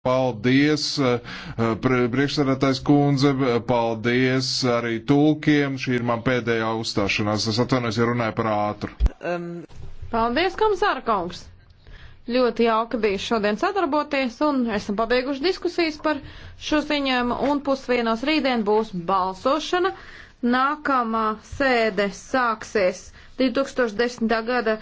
Paldies, eh, eh, priekšsēdētājs kundze, paldies arī tulkiem. Šī ir man pēdējā uzstāšanās. Es atvainojos, ja runāju par ātru. Um, paldies, komisāra kungs! Ļoti jauka bija šodien sadarboties, un esam pabeiguši diskusijas par šo ziņojumu, un pusvienos rītdien būs balsošana. Nākamā sēde sāksies 2010. gada.